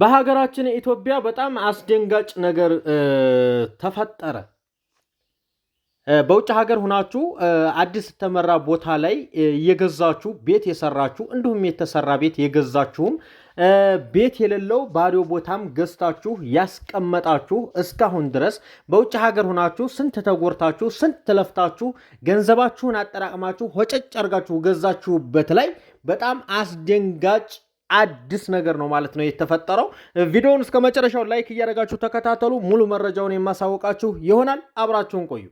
በሀገራችን ኢትዮጵያ በጣም አስደንጋጭ ነገር ተፈጠረ። በውጭ ሀገር ሁናችሁ አዲስ ተመራ ቦታ ላይ የገዛችሁ ቤት የሰራችሁ እንዲሁም የተሰራ ቤት የገዛችሁም ቤት የሌለው ባዶ ቦታም ገዝታችሁ ያስቀመጣችሁ እስካሁን ድረስ በውጭ ሀገር ሁናችሁ ስንት ተጎርታችሁ ስንት ትለፍታችሁ ገንዘባችሁን አጠራቅማችሁ ሆጨጭ አርጋችሁ ገዛችሁበት ላይ በጣም አስደንጋጭ አዲስ ነገር ነው ማለት ነው የተፈጠረው። ቪዲዮውን እስከ መጨረሻው ላይክ እያደረጋችሁ ተከታተሉ። ሙሉ መረጃውን የማሳወቃችሁ ይሆናል። አብራችሁን ቆዩ።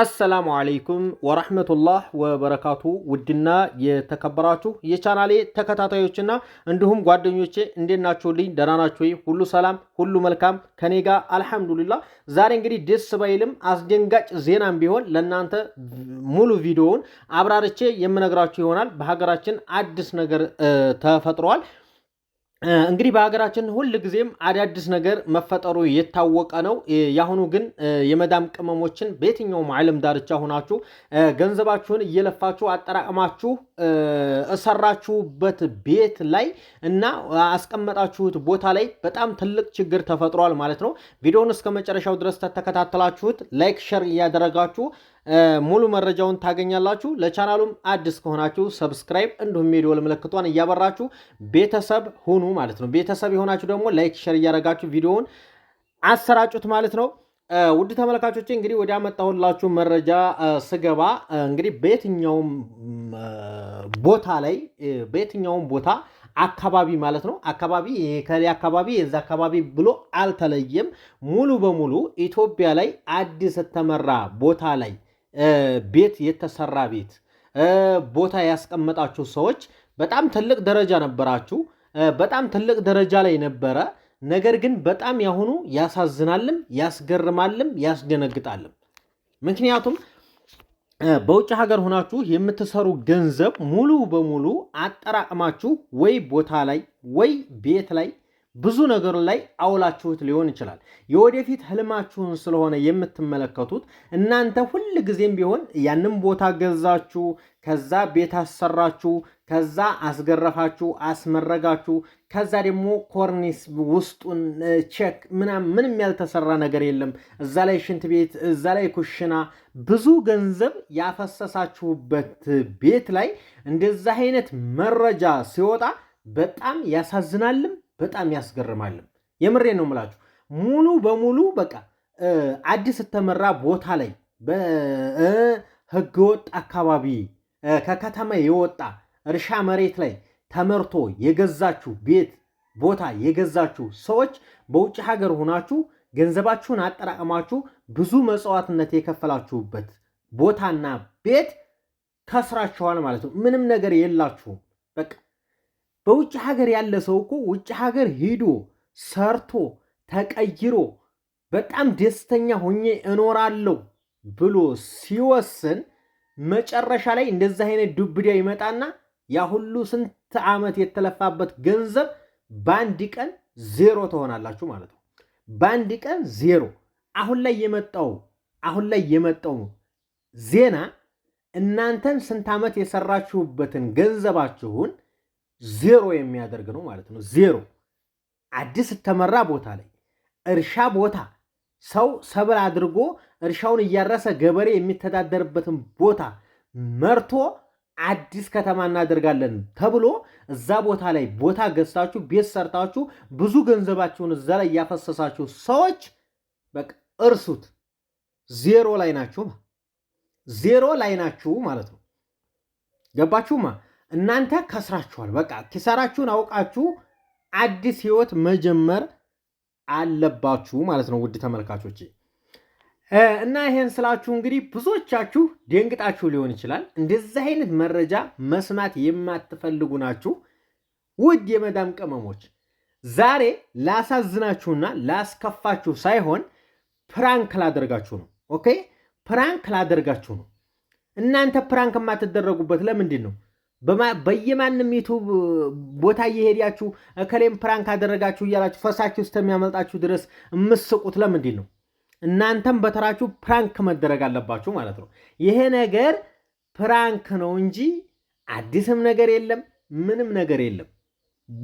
አሰላሙ አለይኩም ወረህመቱላህ ወበረካቱ። ውድና የተከበራችሁ የቻናሌ ተከታታዮችና እንዲሁም ጓደኞቼ እንዴት ናችሁልኝ? ደህና ናችሁ ወይ? ሁሉ ሰላም፣ ሁሉ መልካም ከኔ ጋር አልሐምዱሊላ። ዛሬ እንግዲህ ደስ ባይልም አስደንጋጭ ዜናም ቢሆን ለእናንተ ሙሉ ቪዲዮውን አብራርቼ የምነግራችሁ ይሆናል። በሀገራችን አዲስ ነገር ተፈጥሯል። እንግዲህ በሀገራችን ሁል ጊዜም አዳዲስ ነገር መፈጠሩ የታወቀ ነው። የአሁኑ ግን የመዳም ቅመሞችን በየትኛውም ዓለም ዳርቻ ሆናችሁ ገንዘባችሁን እየለፋችሁ አጠራቅማችሁ እሰራችሁበት ቤት ላይ እና አስቀመጣችሁት ቦታ ላይ በጣም ትልቅ ችግር ተፈጥሯል ማለት ነው። ቪዲዮውን እስከ መጨረሻው ድረስ ተተከታተላችሁት ላይክ፣ ሸር እያደረጋችሁ ሙሉ መረጃውን ታገኛላችሁ። ለቻናሉም አዲስ ከሆናችሁ ሰብስክራይብ፣ እንዲሁም የደወል ምልክቷን እያበራችሁ ቤተሰብ ሁኑ ማለት ነው። ቤተሰብ የሆናችሁ ደግሞ ላይክ፣ ሸር እያደረጋችሁ ቪዲዮውን አሰራጩት ማለት ነው። ውድ ተመልካቾቼ እንግዲህ ወደ ያመጣሁላችሁ መረጃ ስገባ እንግዲህ በየትኛውም ቦታ ላይ በየትኛውም ቦታ አካባቢ ማለት ነው አካባቢ ከሌ አካባቢ የዚ አካባቢ ብሎ አልተለየም። ሙሉ በሙሉ ኢትዮጵያ ላይ አዲስ የተመራ ቦታ ላይ ቤት የተሰራ ቤት ቦታ ያስቀመጣችሁ ሰዎች በጣም ትልቅ ደረጃ ነበራችሁ፣ በጣም ትልቅ ደረጃ ላይ ነበረ። ነገር ግን በጣም ያሁኑ ያሳዝናልም፣ ያስገርማልም፣ ያስደነግጣልም። ምክንያቱም በውጭ ሀገር ሆናችሁ የምትሰሩ ገንዘብ ሙሉ በሙሉ አጠራቅማችሁ ወይ ቦታ ላይ ወይ ቤት ላይ ብዙ ነገር ላይ አውላችሁት ሊሆን ይችላል። የወደፊት ህልማችሁን ስለሆነ የምትመለከቱት እናንተ ሁል ጊዜም ቢሆን ያንም ቦታ ገዛችሁ፣ ከዛ ቤት አሰራችሁ፣ ከዛ አስገረፋችሁ፣ አስመረጋችሁ፣ ከዛ ደግሞ ኮርኒስ ውስጡን ቼክ ምናምን ምንም ያልተሰራ ነገር የለም። እዛ ላይ ሽንት ቤት፣ እዛ ላይ ኩሽና፣ ብዙ ገንዘብ ያፈሰሳችሁበት ቤት ላይ እንደዛ አይነት መረጃ ሲወጣ በጣም ያሳዝናልም በጣም ያስገርማል። የምሬ ነው ምላችሁ ሙሉ በሙሉ በቃ አዲስ የተመራ ቦታ ላይ በህገወጥ አካባቢ ከከተማ የወጣ እርሻ መሬት ላይ ተመርቶ የገዛችሁ ቤት ቦታ የገዛችሁ ሰዎች በውጭ ሀገር ሆናችሁ ገንዘባችሁን አጠራቅማችሁ ብዙ መጽዋዕትነት የከፈላችሁበት ቦታና ቤት ከስራችኋል ማለት ነው። ምንም ነገር የላችሁም በቃ በውጭ ሀገር ያለ ሰው እኮ ውጭ ሀገር ሄዶ ሰርቶ ተቀይሮ በጣም ደስተኛ ሆኜ እኖራለሁ ብሎ ሲወስን መጨረሻ ላይ እንደዚህ አይነት ዱብዳ ይመጣና ያ ሁሉ ስንት ዓመት የተለፋበት ገንዘብ በአንድ ቀን ዜሮ ትሆናላችሁ ማለት ነው። በአንድ ቀን ዜሮ። አሁን ላይ የመጣው አሁን ላይ የመጣው ዜና እናንተን ስንት ዓመት የሰራችሁበትን ገንዘባችሁን ዜሮ የሚያደርግ ነው ማለት ነው። ዜሮ አዲስ ተመራ ቦታ ላይ እርሻ ቦታ ሰው ሰብል አድርጎ እርሻውን እያረሰ ገበሬ የሚተዳደርበትን ቦታ መርቶ አዲስ ከተማ እናደርጋለን ተብሎ እዛ ቦታ ላይ ቦታ ገዝታችሁ ቤት ሰርታችሁ ብዙ ገንዘባችሁን እዛ ላይ ያፈሰሳችሁ ሰዎች በቃ እርሱት። ዜሮ ላይ ናችሁ፣ ዜሮ ላይ ናችሁ ማለት ነው። ገባችሁማ? እናንተ ከስራችኋል። በቃ ኪሳራችሁን አውቃችሁ አዲስ ህይወት መጀመር አለባችሁ ማለት ነው። ውድ ተመልካቾች እና ይሄን ስላችሁ እንግዲህ ብዙዎቻችሁ ደንግጣችሁ ሊሆን ይችላል። እንደዚህ አይነት መረጃ መስማት የማትፈልጉ ናችሁ። ውድ የመዳም ቅመሞች ዛሬ ላሳዝናችሁና ላስከፋችሁ ሳይሆን ፕራንክ ላደርጋችሁ ነው። ኦኬ ፕራንክ ላደርጋችሁ ነው። እናንተ ፕራንክ የማትደረጉበት ለምንድን ነው? በየማንም ዩቱብ ቦታ እየሄዳችሁ እከሌም ፕራንክ አደረጋችሁ እያላችሁ ፈሳችሁ እስከሚያመልጣችሁ ድረስ የምስቁት ለምንድን ነው? እናንተም በተራችሁ ፕራንክ መደረግ አለባችሁ ማለት ነው። ይሄ ነገር ፕራንክ ነው እንጂ አዲስም ነገር የለም፣ ምንም ነገር የለም።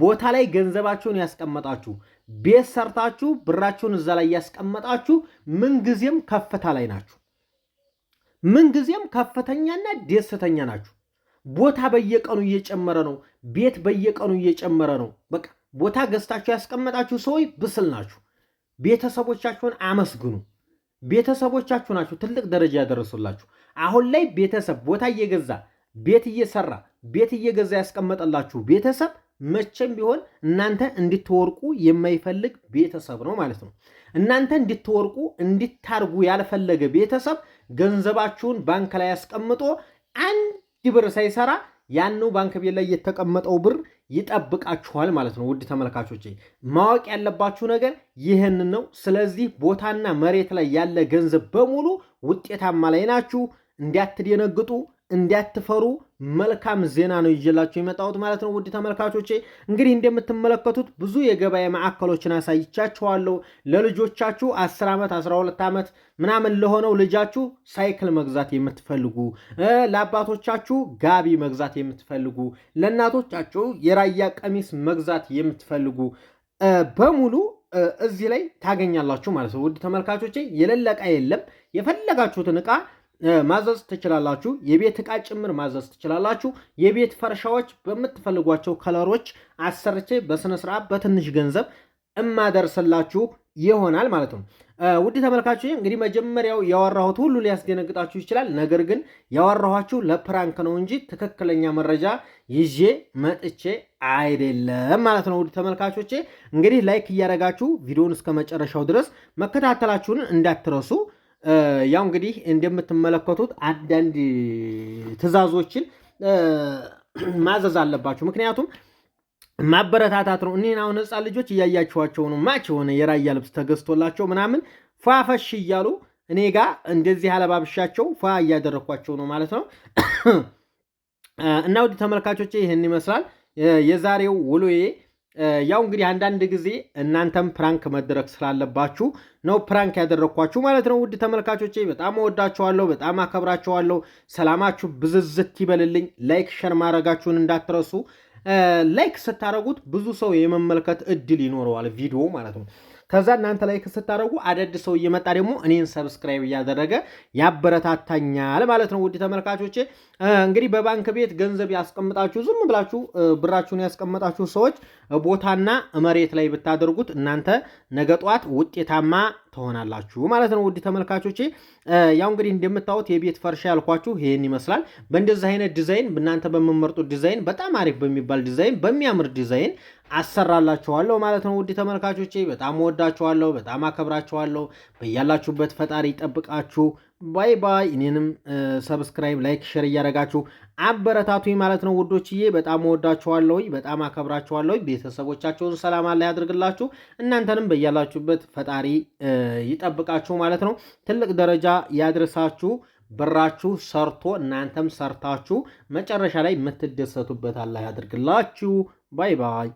ቦታ ላይ ገንዘባችሁን ያስቀመጣችሁ፣ ቤት ሰርታችሁ ብራችሁን እዛ ላይ ያስቀመጣችሁ ምንጊዜም ከፍታ ላይ ናችሁ። ምንጊዜም ከፍተኛና ደስተኛ ናችሁ። ቦታ በየቀኑ እየጨመረ ነው። ቤት በየቀኑ እየጨመረ ነው። በቃ ቦታ ገዝታችሁ ያስቀመጣችሁ ሰዎች ብስል ናችሁ። ቤተሰቦቻችሁን አመስግኑ። ቤተሰቦቻችሁ ናችሁ ትልቅ ደረጃ ያደረሱላችሁ። አሁን ላይ ቤተሰብ ቦታ እየገዛ ቤት እየሰራ ቤት እየገዛ ያስቀመጠላችሁ ቤተሰብ መቼም ቢሆን እናንተ እንድትወርቁ የማይፈልግ ቤተሰብ ነው ማለት ነው። እናንተ እንድትወርቁ እንድታርጉ ያልፈለገ ቤተሰብ ገንዘባችሁን ባንክ ላይ ያስቀምጦ አንድ ይህ ብር ሳይሰራ ያኑ ባንክ ቤት ላይ የተቀመጠው ብር ይጠብቃችኋል ማለት ነው። ውድ ተመልካቾች ማወቅ ያለባችሁ ነገር ይህን ነው። ስለዚህ ቦታና መሬት ላይ ያለ ገንዘብ በሙሉ ውጤታማ ላይ ናችሁ፣ እንዲያትደነግጡ እንዲያትፈሩ መልካም ዜና ነው ይዤላቸው የመጣሁት ማለት ነው። ውድ ተመልካቾቼ እንግዲህ እንደምትመለከቱት ብዙ የገበያ ማዕከሎችን አሳይቻችኋለሁ። ለልጆቻችሁ 10 ዓመት 12 ዓመት ምናምን ለሆነው ልጃችሁ ሳይክል መግዛት የምትፈልጉ፣ ለአባቶቻችሁ ጋቢ መግዛት የምትፈልጉ፣ ለእናቶቻችሁ የራያ ቀሚስ መግዛት የምትፈልጉ በሙሉ እዚህ ላይ ታገኛላችሁ ማለት ነው። ውድ ተመልካቾቼ የሌለ ዕቃ የለም። የፈለጋችሁትን ዕቃ ማዘዝ ትችላላችሁ። የቤት እቃ ጭምር ማዘዝ ትችላላችሁ። የቤት ፈርሻዎች በምትፈልጓቸው ከለሮች አሰርቼ በስነ ስርዓት በትንሽ ገንዘብ እማደርስላችሁ ይሆናል ማለት ነው። ውድ ተመልካቾች እንግዲህ መጀመሪያው ያወራሁት ሁሉ ሊያስደነግጣችሁ ይችላል። ነገር ግን ያወራኋችሁ ለፕራንክ ነው እንጂ ትክክለኛ መረጃ ይዤ መጥቼ አይደለም ማለት ነው። ውድ ተመልካቾቼ እንግዲህ ላይክ እያደረጋችሁ ቪዲዮውን እስከ መጨረሻው ድረስ መከታተላችሁን እንዳትረሱ ያው እንግዲህ እንደምትመለከቱት አንዳንድ ትዕዛዞችን ማዘዝ አለባቸው። ምክንያቱም ማበረታታት ነው። እኔን አሁን ህፃን ልጆች እያያችኋቸው ነው። ማች የሆነ የራያ ልብስ ተገዝቶላቸው ምናምን ፏፈሽ እያሉ እኔ ጋ እንደዚህ አለባብሻቸው ፏ እያደረግኳቸው ነው ማለት ነው። እና ውድ ተመልካቾቼ ይህን ይመስላል የዛሬው ውሎዬ። ያው እንግዲህ አንዳንድ ጊዜ እናንተም ፕራንክ መድረክ ስላለባችሁ ነው ፕራንክ ያደረግኳችሁ ማለት ነው። ውድ ተመልካቾቼ በጣም እወዳችኋለሁ፣ በጣም አከብራችኋለሁ። ሰላማችሁ ብዝዝት ይበልልኝ። ላይክ ሸር ማድረጋችሁን እንዳትረሱ። ላይክ ስታደረጉት ብዙ ሰው የመመልከት እድል ይኖረዋል ቪዲዮ ማለት ነው። ከዛ እናንተ ላይክ ስታደረጉ አደድ ሰው እየመጣ ደግሞ እኔን ሰብስክራይብ እያደረገ ያበረታታኛል ማለት ነው። ውድ ተመልካቾቼ እንግዲህ በባንክ ቤት ገንዘብ ያስቀምጣችሁ ዝም ብላችሁ ብራችሁን ያስቀምጣችሁ ሰዎች ቦታና መሬት ላይ ብታደርጉት እናንተ ነገ ጠዋት ውጤታማ ትሆናላችሁ ማለት ነው። ውድ ተመልካቾቼ ያው እንግዲህ እንደምታዩት የቤት ፈርሻ ያልኳችሁ ይህን ይመስላል። በእንደዚህ አይነት ዲዛይን እናንተ በምመርጡት ዲዛይን በጣም አሪፍ በሚባል ዲዛይን በሚያምር ዲዛይን አሰራላችኋለሁ ማለት ነው። ውድ ተመልካቾቼ በጣም ወዳችኋለሁ፣ በጣም አከብራችኋለሁ። በያላችሁበት ፈጣሪ ይጠብቃችሁ። ባይ ባይ። እኔንም ሰብስክራይብ፣ ላይክ፣ ሸር እያደረጋችሁ አበረታቱኝ ማለት ነው ውዶችዬ። በጣም ወዳችኋለሁኝ፣ በጣም አከብራችኋለሁኝ። ቤተሰቦቻችሁን ሰላም አላ ያድርግላችሁ። እናንተንም በያላችሁበት ፈጣሪ ይጠብቃችሁ ማለት ነው። ትልቅ ደረጃ ያድርሳችሁ። ብራችሁ ሰርቶ እናንተም ሰርታችሁ መጨረሻ ላይ የምትደሰቱበት አላህ ያድርግላችሁ። ባይ ባይ።